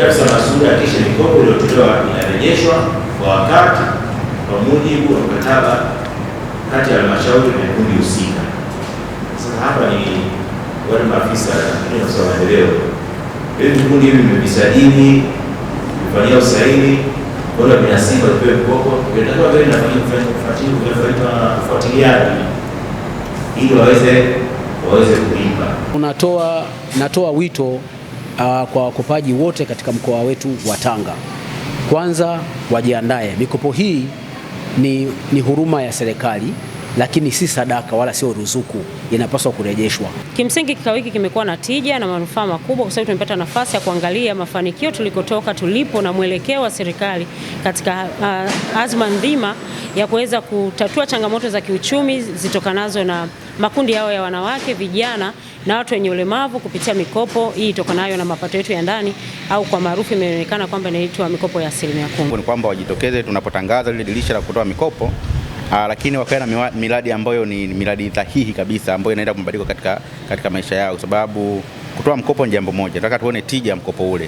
Jabson Masuda kisha mikopo iliyotolewa inarejeshwa kwa wakati kwa mujibu wa mkataba kati ya halmashauri na kundi husika. Sasa hapa ni wale maafisa wa maendeleo, hivi vikundi hivi vimevisajili, vimefanyia usaini bora vinasiba vipewe mkopo, vinatakiwa vile ufuatiliaji ili waweze waweze kulipa. Unatoa natoa wito uh, kwa wakopaji wote katika mkoa wetu wa Tanga. Kwanza wajiandae, mikopo hii ni, ni huruma ya serikali lakini si sadaka wala sio ruzuku, inapaswa kurejeshwa. Kimsingi kikao hiki kimekuwa na tija na manufaa makubwa, kwa sababu tumepata nafasi ya kuangalia mafanikio tulikotoka, tulipo na mwelekeo wa serikali katika uh, azma nzima ya kuweza kutatua changamoto za kiuchumi zitokanazo na makundi yao ya wanawake, vijana na watu wenye ulemavu kupitia mikopo hii itokanayo na mapato yetu ya ndani au kwa maarufu imeonekana kwamba inaitwa mikopo ya asilimia kumi. Ni kwamba wajitokeze tunapotangaza lile dirisha la kutoa mikopo Aa, ah, lakini wakae na miradi ambayo ni miradi sahihi kabisa ambayo inaenda kumbadilika katika, katika maisha yao, kwa sababu kutoa mkopo ni jambo moja, nataka tuone tija mkopo ule,